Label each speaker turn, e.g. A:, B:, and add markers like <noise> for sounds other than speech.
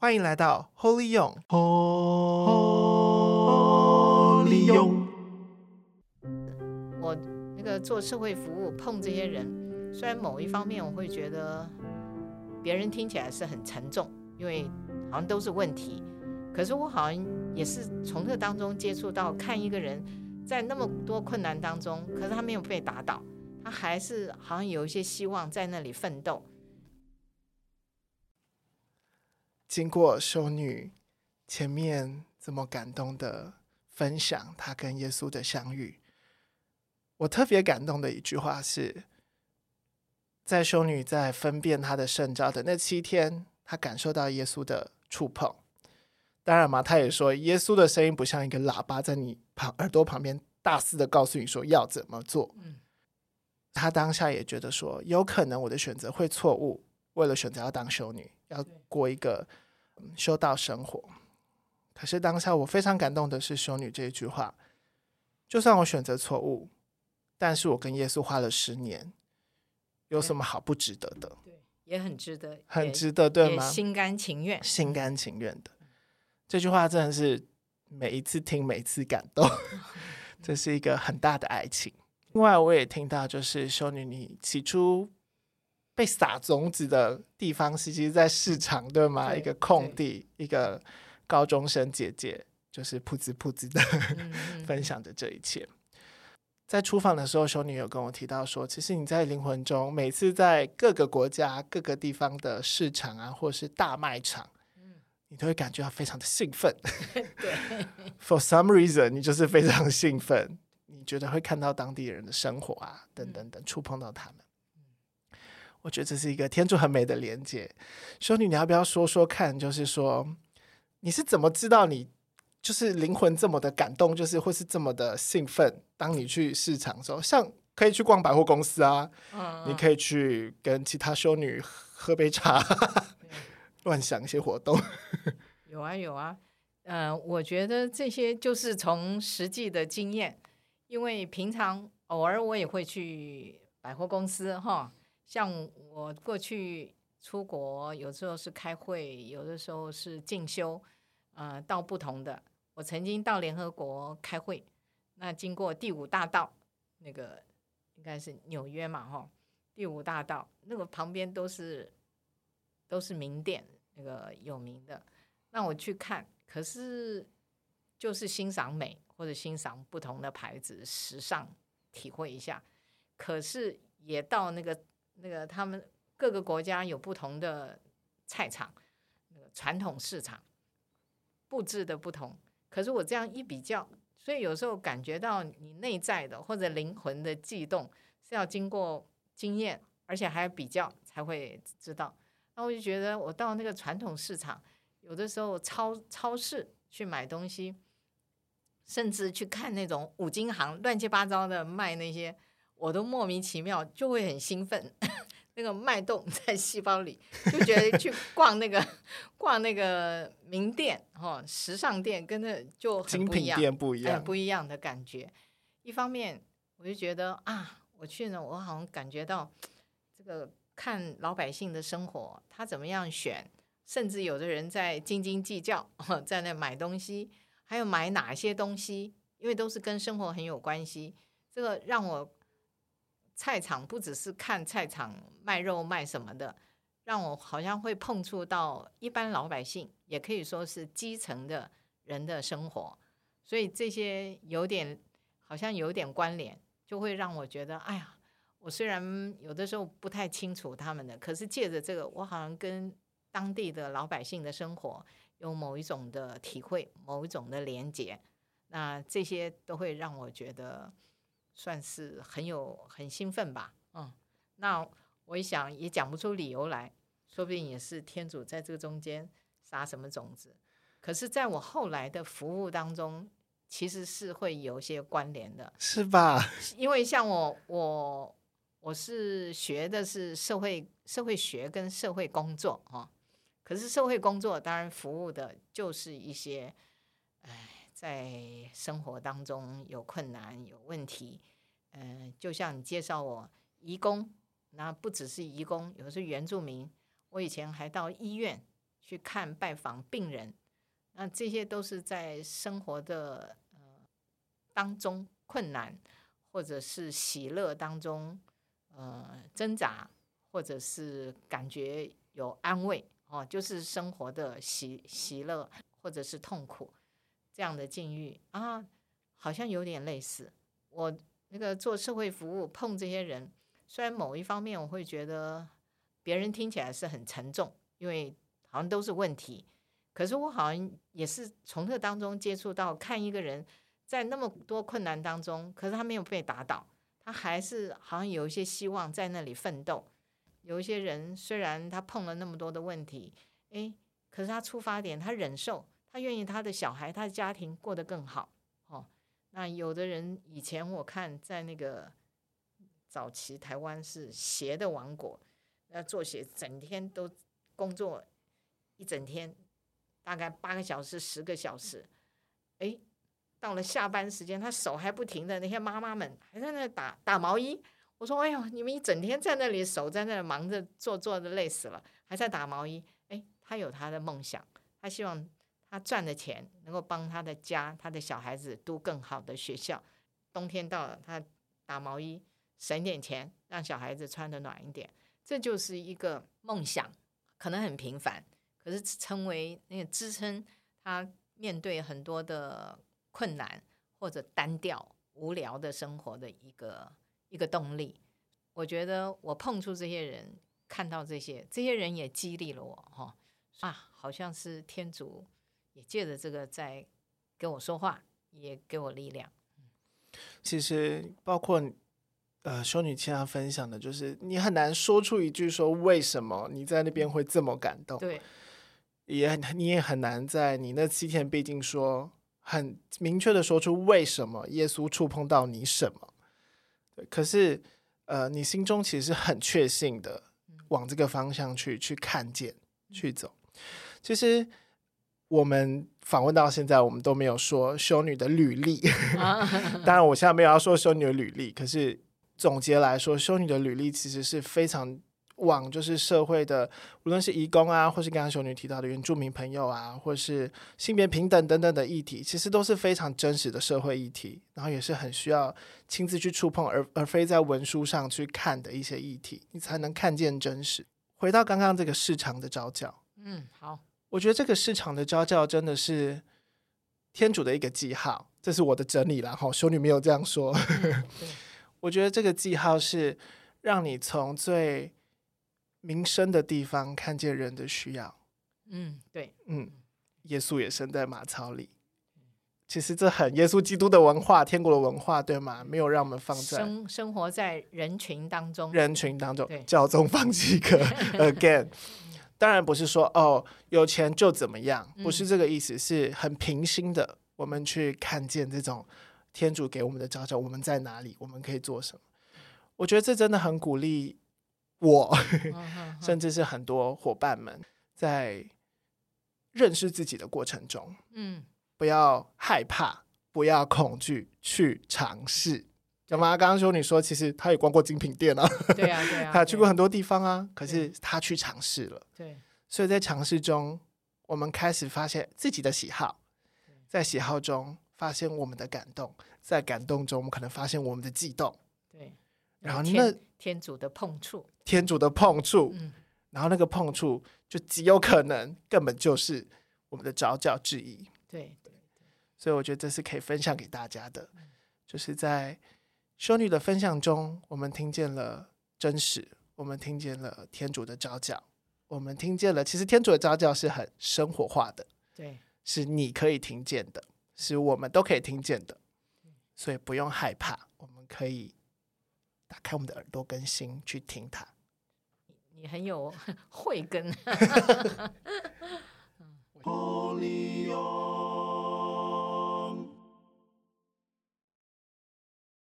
A: 歡迎來到 Holy 勇。Holy 勇，
B: 我那個做社會服務，碰這些人，雖然某一方面我會覺得別人聽起來是很沉重，因為好像都是問題，可是我好像也是從這當中接觸到，看一個人在那麼多困難當中，可是他沒有被打倒，他還是好像有一些希望在那裡奮鬥。
A: 經過修女前面這麼感動的分享，她跟耶穌的相遇，我特別感動的一句話是在修女在分辨她的聖召的那七天，她感受到耶穌的觸碰。當然嘛，她也說耶穌的聲音不像一個喇叭在你旁耳朵旁邊大肆的告訴你說要怎麼做。他、嗯、她當下也覺得說有可能我的選擇會錯誤。為了選擇要當修女，要過一個、嗯、修道生活。可是當下我非常感動的是，修女這一句話：就算我選擇錯誤，但是我跟耶穌花了十年，有什麼好不值得的？對，
B: 也很值得，
A: 很值得，也對嗎？心
B: 甘情願，心
A: 甘情願的。這句話真的是每一次聽，每一次感動。 <laughs> 這是一個很大的愛情。另外，我也聽到，就是修女，你起初。被撒種子的地方是其實，在市場對嗎？對，一個空地，對一個高中生姐姐就是噗子噗子的、嗯嗯、分享着這一切。在出訪的時候，修女有跟我提到說，其實你在靈魂中，每次在各個國家、各個地方的市場啊，或是大賣場，嗯、你都會感覺到非常的興奮。對，For some reason，你就是非常興奮，你覺得會看到當地人的生活啊，等等等，嗯、觸碰到他們。我覺得這是一個天主很美的連接，修女，你要不要說說看？就是說，你是怎麼知道你就是靈魂這麼的感動，就是會是這麼的興奮？當你去市場的時候，像可以去逛百貨公司啊，哦、啊啊你可以去跟其他修女喝杯茶，對亂想一些活動。
B: 有啊，有啊，有、呃、啊，我覺得這些就是從實際的經驗，因為平常偶爾我也會去百貨公司哈。像我過去出國，有時候是開會，有的時候是進修，呃，到不同的。我曾經到聯合國開會，那經過第五大道，那個應該是紐約嘛，哈，第五大道那個旁邊都是都是名店，那個有名的。那我去看，可是就是欣賞美，或者欣賞不同的牌子，時尚體會一下。可是也到那個。那個他們各個國家有不同的菜場，那個傳統市場布置的不同。可是我這樣一比較，所以有時候感覺到你內在的或者靈魂的悸動是要經過經驗，而且還要比較才會知道。那我就覺得我到那個傳統市場，有的時候超超市去買東西，甚至去看那種五金行亂七八糟的賣那些。我都莫名其妙就會很興奮， <laughs> 那個脈動在細胞裡就覺得去逛那個 <laughs> 逛那個名店哈、哦，時尚店跟那就很精品店不一樣，不一樣的感覺。一方面我就覺得啊，我去呢，我好像感覺到這個看老百姓的生活，他怎麼樣選，甚至有的人在斤斤計較、哦，在那買東西，還有買哪些東西，因為都是跟生活很有關係。這個讓我。菜場不只是看菜場賣肉賣什麼的，讓我好像會碰觸到一般老百姓，也可以說是基層的人的生活，所以這些有點好像有點關聯，就會讓我覺得，哎呀，我雖然有的時候不太清楚他們的，可是借着這個，我好像跟當地的老百姓的生活有某一種的體會，某一種的連接。那這些都會讓我覺得，算是很有很興奮吧，嗯，那我一想也講不出理由來，說不定也是天主在這個中間撒什麼種子。可是，在我後來的服務當中，其實是會有一些關聯的，是吧？因為像我，我我是學的是社會社會學跟社會工作啊，哦，可是社會工作當然服務的就是一些，哎。在生活當中有困難、有問題，嗯、呃，就像你介紹我，移工，那不只是移工，有的是原住民。我以前還到醫院去看、拜訪病人，那這些都是在生活的呃當中困難，或者是喜樂當中，呃，掙扎，或者是感覺有安慰哦，就是生活的喜喜樂，或者是痛苦。這樣的境遇啊，好像有點類似。我那個做社會服務碰這些人，雖然某一方面我會覺得別人聽起來是很沉重，因為好像都是問題。可是我好像也是從這當中接觸到，看一個人在那麼多困難當中，可是他沒有被打倒，他還是好像有一些希望在那裡奮鬥。有一些人雖然他碰了那麼多的問題，誒、欸，可是他出發點他忍受。他願意他的小孩他的家庭過得更好，哦。那有的人以前我看在那個早期台灣是鞋的王國，要做鞋，整天都工作一整天，大概八個小時十個小時。誒，到了下班時間，他手還不停的那些媽媽們還在那打打毛衣。我說：“哎呦，你們一整天在那裡手在那裡忙着做做的，累死了，還在打毛衣。”誒，他有他的夢想，他希望。他賺的錢能夠幫他的家、他的小孩子讀更好的學校。冬天到了，他打毛衣，省點錢讓小孩子穿得暖一點。這就是一個夢想，可能很平凡，可是成為那個支撐他面對很多的困難或者單調無聊的生活的一個一個動力。我覺得我碰觸這些人，看到這些，這些人也激勵了我。哈啊，好像是天主，也借着這個在跟我說話，也給我力量。
A: 其實包括呃，修女親要分享的，就是你很難說出一句說，為什麼你在那邊會這麼感動。對，也很你也很難在你那七天，畢竟說很明確的說出為什麼耶穌觸碰到你什麼。對，可是呃，你心中其實很確信的往這個方向去、嗯、去看見去走。其實。我們訪問到現在，我們都沒有說修女的履歷。 <laughs> 當然，我現在沒有要說修女的履歷。可是總結來說，修女的履歷其實是非常往就是社會的，無論是移工啊，或是剛剛修女提到的原住民朋友啊，或是性別平等等等的議題，其實都是非常真實的社會議題。然後也是很需要親自去觸碰而，而而非在文書上去看的一些議題，你才能看見真實。回到剛剛這個市場的召叫，嗯，好。我覺得這個市場的召叫，叫真的是天主的一個記號，這是我的整理了哈，修、哦、女沒有這樣說。 <laughs> 嗯、我覺得這個記號是讓你從最民生的地方看見人的需要。嗯，
B: 對，
A: 嗯，耶穌也生在馬槽裡，嗯、其實這很耶穌基督的文化，天國的文化，對嗎？沒有讓我們放在生
B: 生活在人群當中，人
A: 群當中，對教宗方濟各 again。 <laughs> 當然不是說哦，有錢就怎麼樣，不是這個意思，是很平心的。我們去看見這種天主給我們的召叫，我們在哪裡，我們可以做什麼？我覺得這真的很鼓勵我，甚至是很多夥伴們在認識自己的過程中，嗯，不要害怕，不要恐懼，去嘗試。幹嘛、嗯？剛剛說你說，其實他也逛過精品店啊。對啊，對啊。他去過很多地方啊，對可是他去嘗試了。對。對，所以在嘗試中，我們開始發現自己的喜好，對在喜好中發現我們的感動，在感動中，我們可能發現我們的悸動。對。然後那
B: 天主的碰觸，
A: 天主的碰觸，碰觸嗯、然後那個碰觸就極有可能根本就是我們的召叫之一。對
B: 對。
A: 所以我覺得這是可以分享給大家的，嗯、就是在。修女的分享中，我們聽見了真實，我們聽見了天主的召叫，我們聽見了，其實天主的召叫是很生活化的，
B: 對，
A: 是你可以聽見的，是我們都可以聽見的，嗯、所以不用害怕，我們可以打開我們的耳朵跟心去聽它。
B: 你很有慧根。